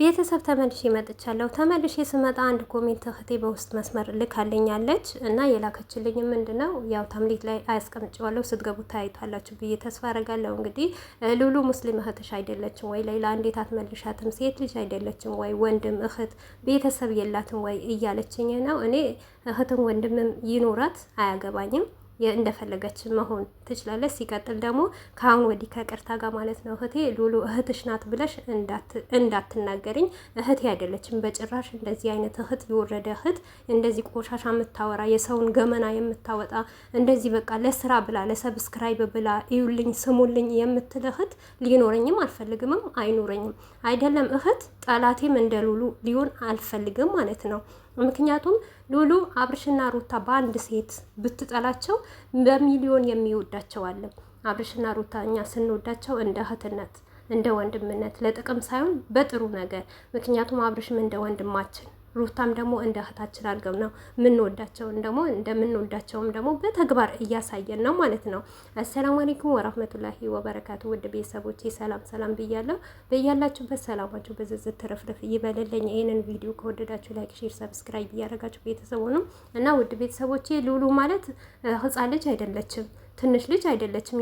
ቤተሰብ ተመልሼ መጥቻለሁ። ተመልሼ ስመጣ አንድ ኮሜንት እህቴ በውስጥ መስመር ልካልኛለች እና የላከችልኝ ምንድን ነው ያው ታምሌት ላይ አያስቀምጨዋለሁ ስትገቡ ታይቷላችሁ ብዬ ተስፋ አረጋለሁ። እንግዲህ ሉሉ ሙስሊም እህትሽ አይደለችም ወይ? ሌላ እንዴት አትመልሻትም? ሴት ልጅ አይደለችም ወይ? ወንድም እህት ቤተሰብ የላትም ወይ እያለችኝ ነው። እኔ እህትም ወንድምም ይኖራት አያገባኝም። እንደፈለገች መሆን ትችላለች። ሲቀጥል ደግሞ ከአሁን ወዲህ ከቅርታ ጋር ማለት ነው እህቴ ሉሉ እህትሽ ናት ብለሽ እንዳትናገርኝ። እህቴ አይደለችም በጭራሽ። እንደዚህ አይነት እህት የወረደ እህት፣ እንደዚህ ቆሻሻ የምታወራ የሰውን ገመና የምታወጣ እንደዚህ በቃ ለስራ ብላ ለሰብስክራይብ ብላ እዩልኝ ስሙልኝ የምትል እህት ሊኖረኝም አልፈልግምም አይኖረኝም። አይደለም እህት ጠላቴም እንደ ሉሉ ሊሆን አልፈልግም ማለት ነው። ምክንያቱም ሉሉ አብርሽና ሩታ በአንድ ሴት ብትጠላቸው በሚሊዮን የሚወዳቸው አለ። አብርሽና ሩታ እኛ ስንወዳቸው እንደ እህትነት እንደ ወንድምነት ለጥቅም ሳይሆን በጥሩ ነገር ምክንያቱም አብርሽም እንደ ወንድማችን ሩታም ደግሞ እንደ እህታችን አድርገው ነው የምንወዳቸውን ደግሞ እንደምንወዳቸውም ደግሞ በተግባር እያሳየን ነው ማለት ነው። አሰላሙ አለይኩም ወራህመቱላሂ ወበረካቱ። ውድ ቤተሰቦች ሰላም ሰላም ብያለሁ። በያላችሁበት ሰላማችሁ በዝዝት ትርፍርፍ ይበልልኝ። ይህንን ቪዲዮ ከወደዳችሁ ላይክ፣ ሼር፣ ሰብስክራይብ እያደረጋችሁ ቤተሰቡ ነው እና ውድ ቤተሰቦቼ ሉሉ ማለት ህፃን ልጅ አይደለችም ትንሽ ልጅ አይደለችም።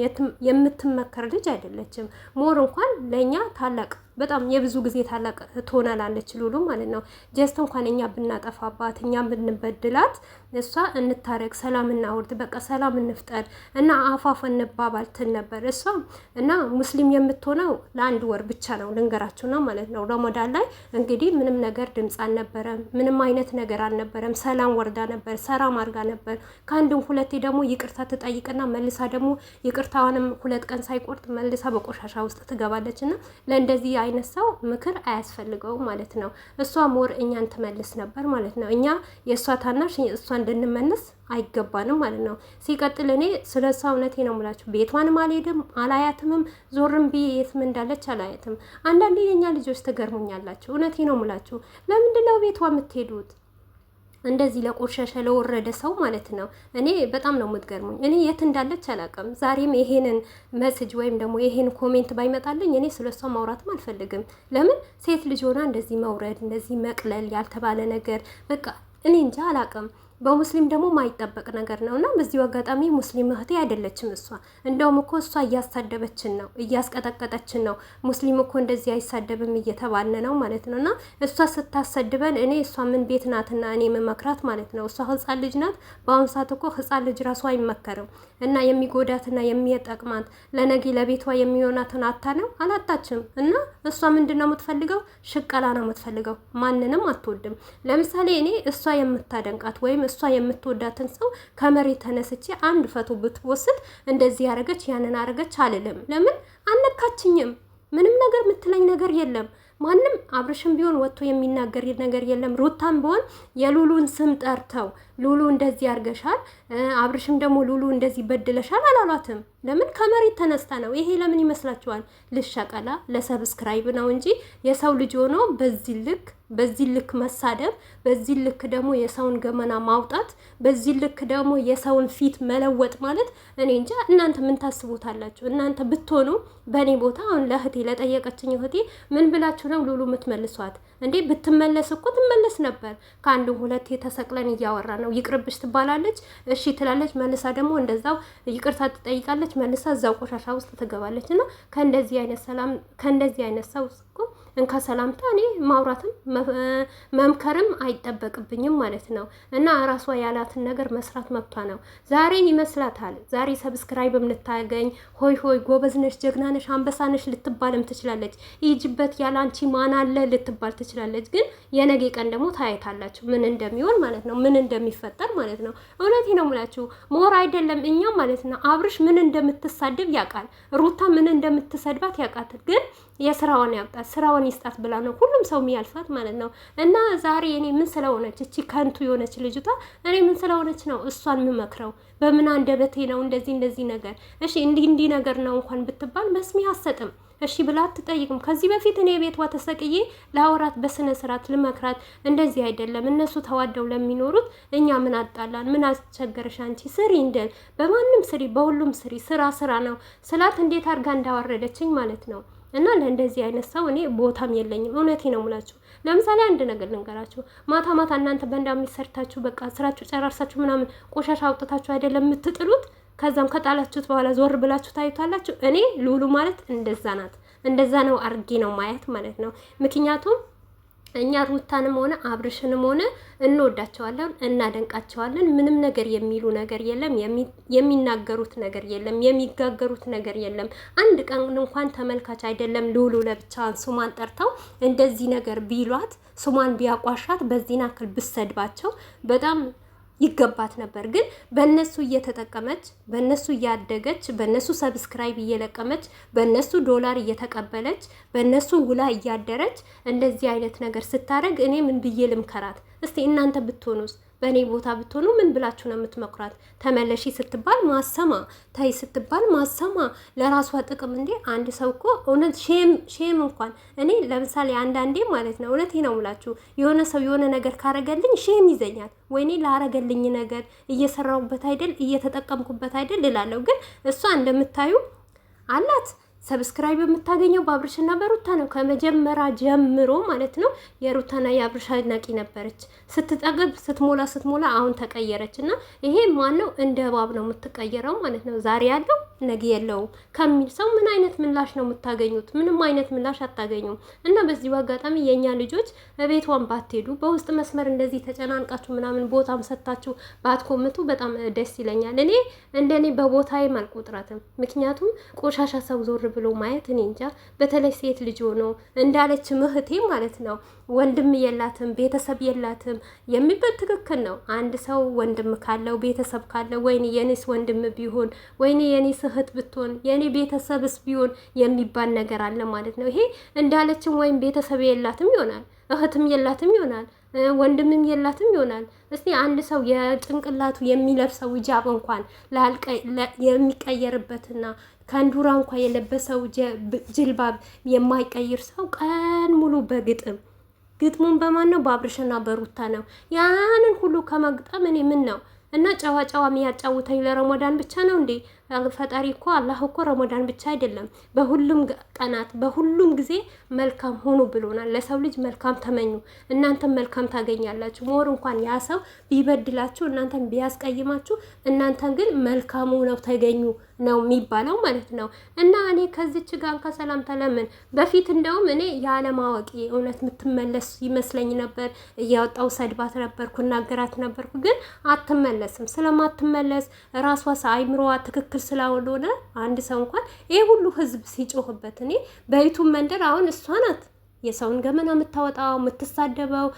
የምትመከር ልጅ አይደለችም። ሞር እንኳን ለእኛ ታላቅ በጣም የብዙ ጊዜ ታላቅ ትሆናላለች ሉሉ ማለት ነው። ጀስት እንኳን እኛ ብናጠፋባት እኛ ብንበድላት እሷ እንታረቅ፣ ሰላም እናውርድ፣ በቃ ሰላም እንፍጠር እና አፋፍ እንባባል ትል ነበር እሷ እና ሙስሊም የምትሆነው ለአንድ ወር ብቻ ነው ልንገራችሁ ነው ማለት ነው። ረመዳን ላይ እንግዲህ ምንም ነገር ድምፅ አልነበረም፣ ምንም አይነት ነገር አልነበረም። ሰላም ወርዳ ነበር፣ ሰላም አርጋ ነበር። ከአንድም ሁለቴ ደግሞ ይቅርታ ትጠይቅና መልሳ ደግሞ ይቅርታዋንም ሁለት ቀን ሳይቆርጥ መልሳ በቆሻሻ ውስጥ ትገባለች እና ለእንደዚህ አይነት ሰው ምክር አያስፈልገውም ማለት ነው። እሷ ሞር እኛን ትመልስ ነበር ማለት ነው። እኛ የእሷ ታናሽ እሷ እንድንመልስ አይገባንም ማለት ነው። ሲቀጥል እኔ ስለ እሷ እውነቴ ነው ምላችሁ ቤቷንም አልሄድም አላያትምም፣ ዞርም ብዬ የትም እንዳለች አላያትም። አንዳንዴ የእኛ ልጆች ትገርሙኛላችሁ። እውነቴ ነው የምላችሁ። ለምንድን ነው ቤቷ የምትሄዱት? እንደዚህ ለቆሸሸ ለወረደ ሰው ማለት ነው። እኔ በጣም ነው የምትገርሙኝ። እኔ የት እንዳለች አላውቅም። ዛሬም ይሄንን መስጅ ወይም ደግሞ ይሄን ኮሜንት ባይመጣልኝ እኔ ስለ እሷ ማውራትም አልፈልግም። ለምን ሴት ልጅ ሆና እንደዚህ መውረድ፣ እንደዚህ መቅለል ያልተባለ ነገር በቃ እኔ እንጃ አላውቅም። በሙስሊም ደግሞ ማይጠበቅ ነገር ነው እና በዚሁ አጋጣሚ ሙስሊም እህቴ አይደለችም እሷ። እንደውም እኮ እሷ እያሳደበችን ነው፣ እያስቀጠቀጠችን ነው። ሙስሊም እኮ እንደዚህ አይሳደብም እየተባለ ነው ማለት ነው። እና እሷ ስታሰድበን እኔ እሷ ምን ቤት ናትና እኔ መመክራት ማለት ነው። እሷ ህፃን ልጅ ናት። በአሁኑ ሰዓት እኮ ህፃን ልጅ ራሱ አይመከርም። እና የሚጎዳትና የሚጠቅማት ለነጊ ለቤቷ የሚሆናትን አታ ነው አላጣችም። እና እሷ ምንድን ነው የምትፈልገው? ሽቀላ ነው የምትፈልገው። ማንንም አትወድም። ለምሳሌ እኔ እሷ የምታደንቃት ወይም እሷ የምትወዳትን ሰው ከመሬት ተነስቼ አንድ ፈቶ ብትወስድ እንደዚህ ያደረገች ያንን አረገች አልልም። ለምን አልነካችኝም? ምንም ነገር የምትለኝ ነገር የለም። ማንም አብርሽም ቢሆን ወጥቶ የሚናገር ነገር የለም። ሩታም ቢሆን የሉሉን ስም ጠርተው ሉሉ እንደዚህ አርገሻል፣ አብርሽም ደግሞ ሉሉ እንደዚህ በድለሻል አላሏትም። ለምን ከመሬት ተነስታ ነው። ይሄ ለምን ይመስላችኋል? ልሸቀላ ለሰብስክራይብ ነው እንጂ የሰው ልጅ ሆኖ በዚህ ልክ በዚህ ልክ መሳደብ፣ በዚህ ልክ ደግሞ የሰውን ገመና ማውጣት፣ በዚህ ልክ ደግሞ የሰውን ፊት መለወጥ ማለት እኔ እንጃ። እናንተ ምን ታስቡታላችሁ? እናንተ ብትሆኑ በእኔ ቦታ አሁን ለእህቴ ለጠየቀችኝ እህቴ ምን ብላችሁ ነው ሉሉ የምትመልሷት እንዴ? ብትመለስ እኮ ትመለስ ነበር። ከአንዱ ሁለቴ ተሰቅለን እያወራ ነው ነው ይቅርብሽ ትባላለች። እሺ ትላለች። መልሳ ደግሞ እንደዛው ይቅርታ ትጠይቃለች። መልሳ እዛው ቆሻሻ ውስጥ ትገባለች እና ከእንደዚህ አይነት ሰላም ከእንደዚህ አይነት ሰው ውስጥ እንካ ሰላምታ እኔ ማውራትም መምከርም አይጠበቅብኝም ማለት ነው። እና ራሷ ያላትን ነገር መስራት መብቷ ነው። ዛሬ ይመስላታል ዛሬ ሰብስክራይብ የምታገኝ ሆይ ሆይ ጎበዝነሽ፣ ጀግናነሽ፣ አንበሳነሽ ልትባልም ትችላለች። ይጅበት ያላንቺ አንቺ ማን አለ ልትባል ትችላለች። ግን የነገ ቀን ደግሞ ታየታላችሁ ምን እንደሚሆን ማለት ነው፣ ምን እንደሚፈጠር ማለት ነው። እውነቴ ነው ምላችሁ ሞር አይደለም እኛም ማለት ነው አብርሽ ምን እንደምትሳድብ ያውቃል፣ ሩታ ምን እንደምትሰድባት ያውቃት ግን የስራዋን ያውጣት ስራዋን ይስጣት ብላ ነው ሁሉም ሰው የሚያልፋት ማለት ነው። እና ዛሬ እኔ ምን ስለሆነች እቺ ከንቱ የሆነች ልጅቷ እኔ ምን ስለሆነች ነው እሷን የምመክረው? በምን አንደበቴ ነው እንደዚህ እንደዚህ ነገር እሺ እንዲህ እንዲህ ነገር ነው እንኳን ብትባል መስሚ አሰጥም እሺ ብላ አትጠይቅም። ከዚህ በፊት እኔ ቤቷ ተሰቅዬ ለአውራት በስነ ስርዓት ልመክራት እንደዚህ አይደለም እነሱ ተዋደው ለሚኖሩት እኛ ምን አጣላን? ምን አስቸገረሽ አንቺ ስሪ እንደል በማንም ስሪ፣ በሁሉም ስሪ፣ ስራ ስራ ነው ስላት እንዴት አድርጋ እንዳወረደችኝ ማለት ነው። እና ለእንደዚህ አይነት ሰው እኔ ቦታም የለኝም። እውነቴ ነው ሙላችሁ። ለምሳሌ አንድ ነገር ልንገራችሁ። ማታ ማታ እናንተ በእንዳ የሚሰርታችሁ በቃ ስራችሁ ጨራርሳችሁ ምናምን ቆሻሻ አውጥታችሁ አይደለም የምትጥሉት? ከዛም ከጣላችሁት በኋላ ዞር ብላችሁ ታዩታላችሁ። እኔ ሉሉ ማለት እንደዛ ናት። እንደዛ ነው አርጌ ነው ማየት ማለት ነው ምክንያቱም እኛ ሩታንም ሆነ አብርሽንም ሆነ እንወዳቸዋለን፣ እናደንቃቸዋለን። ምንም ነገር የሚሉ ነገር የለም፣ የሚናገሩት ነገር የለም፣ የሚጋገሩት ነገር የለም። አንድ ቀን እንኳን ተመልካች አይደለም ልውሉ ለብቻዋን ስሟን ጠርተው እንደዚህ ነገር ቢሏት ስሟን ቢያቋሻት በዚህን ያክል ብሰድባቸው በጣም ይገባት ነበር። ግን በእነሱ እየተጠቀመች በእነሱ እያደገች በእነሱ ሰብስክራይብ እየለቀመች በእነሱ ዶላር እየተቀበለች በእነሱ ውላ እያደረች እንደዚህ አይነት ነገር ስታደርግ እኔ ምን ብዬ ልምከራት? እስቲ እናንተ ብትሆኑስ በእኔ ቦታ ብትሆኑ ምን ብላችሁ ነው የምትመክሯት? ተመለሺ ስትባል ማሰማ፣ ታይ ስትባል ማሰማ ለራሷ ጥቅም እንዴ። አንድ ሰው እኮ እውነት ሼም እንኳን እኔ ለምሳሌ አንዳንዴ ማለት ነው እውነት ነው ምላችሁ የሆነ ሰው የሆነ ነገር ካረገልኝ ሼም ይዘኛል። ወይኔ ላረገልኝ ነገር እየሰራሁበት አይደል እየተጠቀምኩበት አይደል እላለሁ። ግን እሷ እንደምታዩ አላት ሰብስክራይብ የምታገኘው በአብርሽና በሩታ ነው። ከመጀመሪያ ጀምሮ ማለት ነው የሩታና የአብርሽ አድናቂ ነበረች። ስትጠግብ ስትሞላ ስትሞላ አሁን ተቀየረች እና ይሄ ነው? እንደ እባብ ነው የምትቀየረው ማለት ነው። ዛሬ ያለው ነገ የለውም ከሚል ሰው ምን አይነት ምላሽ ነው የምታገኙት? ምንም አይነት ምላሽ አታገኙም። እና በዚሁ አጋጣሚ የእኛ ልጆች ቤቷን ባትሄዱ በውስጥ መስመር እንደዚህ ተጨናንቃችሁ ምናምን ቦታም ሰጥታችሁ ባትኮምቱ በጣም ደስ ይለኛል። እኔ እንደኔ በቦታዬም አልቆጥራትም። ምክንያቱም ቆሻሻ ሰው ዞር ብሎ ማየት እኔ እንጃ። በተለይ ሴት ልጅ ሆኖ እንዳለች ምህቴ ማለት ነው ወንድም የላትም ቤተሰብ የላትም የሚበል ትክክል ነው። አንድ ሰው ወንድም ካለው ቤተሰብ ካለው ወይኔ የኔስ ወንድም ቢሆን ወይኔ የኔስ እህት ብትሆን የኔ ቤተሰብስ ቢሆን የሚባል ነገር አለ ማለት ነው። ይሄ እንዳለችም ወይም ቤተሰብ የላትም ይሆናል እህትም የላትም ይሆናል ወንድምም የላትም ይሆናል። እስቲ አንድ ሰው የጭንቅላቱ የሚለብሰው ሂጃብ እንኳን የሚቀየርበትና ከንዱራ እንኳን የለበሰው ጅልባብ የማይቀይር ሰው ቀን ሙሉ በግጥም ግጥሙን በማን ነው? በአብርሽና በሩታ ነው። ያንን ሁሉ ከመግጠም እኔ ምን ነው እና ጨዋ ጨዋ የሚያጫውተኝ ለረመዳን ብቻ ነው እንዴ? ፈጣሪ እኮ አላህ እኮ ረመዳን ብቻ አይደለም በሁሉም ቀናት በሁሉም ጊዜ መልካም ሆኑ ብሎናል። ለሰው ልጅ መልካም ተመኙ፣ እናንተም መልካም ታገኛላችሁ። ሞር እንኳን ያ ሰው ቢበድላችሁ፣ እናንተን ቢያስቀይማችሁ፣ እናንተን ግን መልካሙ ነው ተገኙ ነው የሚባለው ማለት ነው። እና እኔ ከዚች ጋር ከሰላም ተለምን በፊት እንደውም እኔ ያለማወቂ እውነት የምትመለስ ይመስለኝ ነበር። እያወጣው ሰድባት ነበርኩ፣ እናገራት ነበርኩ። ግን አትመለስም። ስለማትመለስ ራሷ አይምሮዋ ትክክል ስላልሆነ አንድ ሰው እንኳን ይሄ ሁሉ ህዝብ ሲጮህበት እኔ በይቱ መንደር አሁን እሷ ናት የሰውን ገመና የምታወጣው የምትሳደበው፣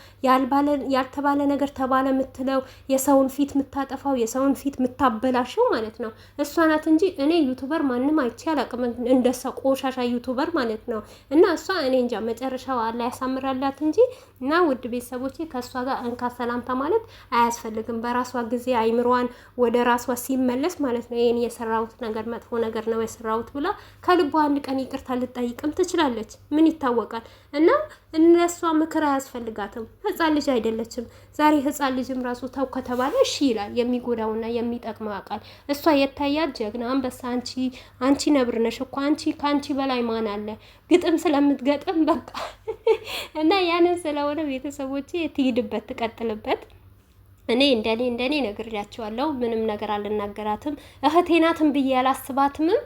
ያልተባለ ነገር ተባለ የምትለው፣ የሰውን ፊት የምታጠፋው፣ የሰውን ፊት የምታበላሸው ማለት ነው እሷ ናት እንጂ እኔ ዩቱበር ማንም አይቼ አላቅም። እንደሷ ቆሻሻ ዩቱበር ማለት ነው። እና እሷ እኔ እንጃ መጨረሻው አላ ያሳምራላት እንጂ እና ውድ ቤተሰቦቼ ከእሷ ጋር እንካ ሰላምታ ማለት አያስፈልግም። በራሷ ጊዜ አይምሯን ወደ ራሷ ሲመለስ ማለት ነው ይህን የሰራሁት ነገር መጥፎ ነገር ነው የሰራሁት ብላ ከልቧ አንድ ቀን ይቅርታ ልጠይቅም ትችላለች። ምን ይታወቃል? እና እነሷ ምክር አያስፈልጋትም። ህፃን ልጅ አይደለችም። ዛሬ ህፃን ልጅም ራሱ ተው ከተባለ እሺ ይላል። የሚጎዳውና የሚጠቅመው አቃል እሷ የታያት ጀግና አንበሳ። አንቺ አንቺ ነብር ነሽ እኮ አንቺ ከአንቺ በላይ ማን አለ? ግጥም ስለምትገጥም በቃ እና ያንን ስለሆነ ቤተሰቦቼ ትሂድበት፣ ትቀጥልበት እኔ እንደኔ እንደኔ ነግሬያቸዋለሁ። ምንም ነገር አልናገራትም። እህቴ ናትም ብዬ አላስባትምም።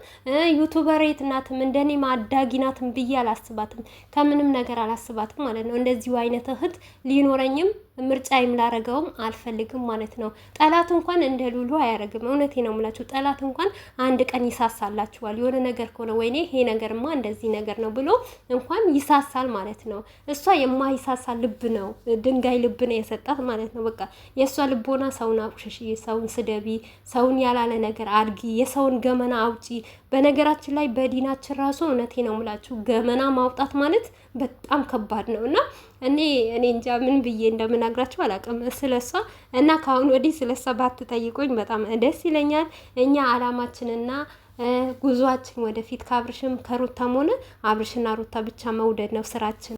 ዩቱበሬት ናትም እንደኔ ማዳጊ ናትም ብዬ አላስባትም። ከምንም ነገር አላስባትም ማለት ነው። እንደዚሁ አይነት እህት ሊኖረኝም ምርጫ ላረገውም አልፈልግም ማለት ነው። ጠላት እንኳን እንደ ሉሉ አያረግም። እውነቴ ነው የምላችሁ። ጠላት እንኳን አንድ ቀን ይሳሳላችኋል። የሆነ ነገር ከሆነ ወይኔ ይሄ ነገርማ እንደዚህ ነገር ነው ብሎ እንኳን ይሳሳል ማለት ነው። እሷ የማይሳሳ ልብ ነው፣ ድንጋይ ልብ ነው የሰጣት ማለት ነው። በቃ የእሷ ልቦና ሰውን አቁሸሽ፣ ሰውን ስደቢ፣ ሰውን ያላለ ነገር አድጊ፣ የሰውን ገመና አውጪ በነገራችን ላይ በዲናችን ራሱ እውነቴ ነው ምላችሁ ገመና ማውጣት ማለት በጣም ከባድ ነው እና እኔ እኔ እንጃ ምን ብዬ እንደምናግራችሁ አላውቅም ስለሷ እና ከአሁን ወዲህ ስለሷ ባትጠይቁኝ በጣም ደስ ይለኛል። እኛ አላማችንና ጉዟችን ወደፊት ከአብርሽም ከሩታም ሆነ አብርሽና ሩታ ብቻ መውደድ ነው ስራችን።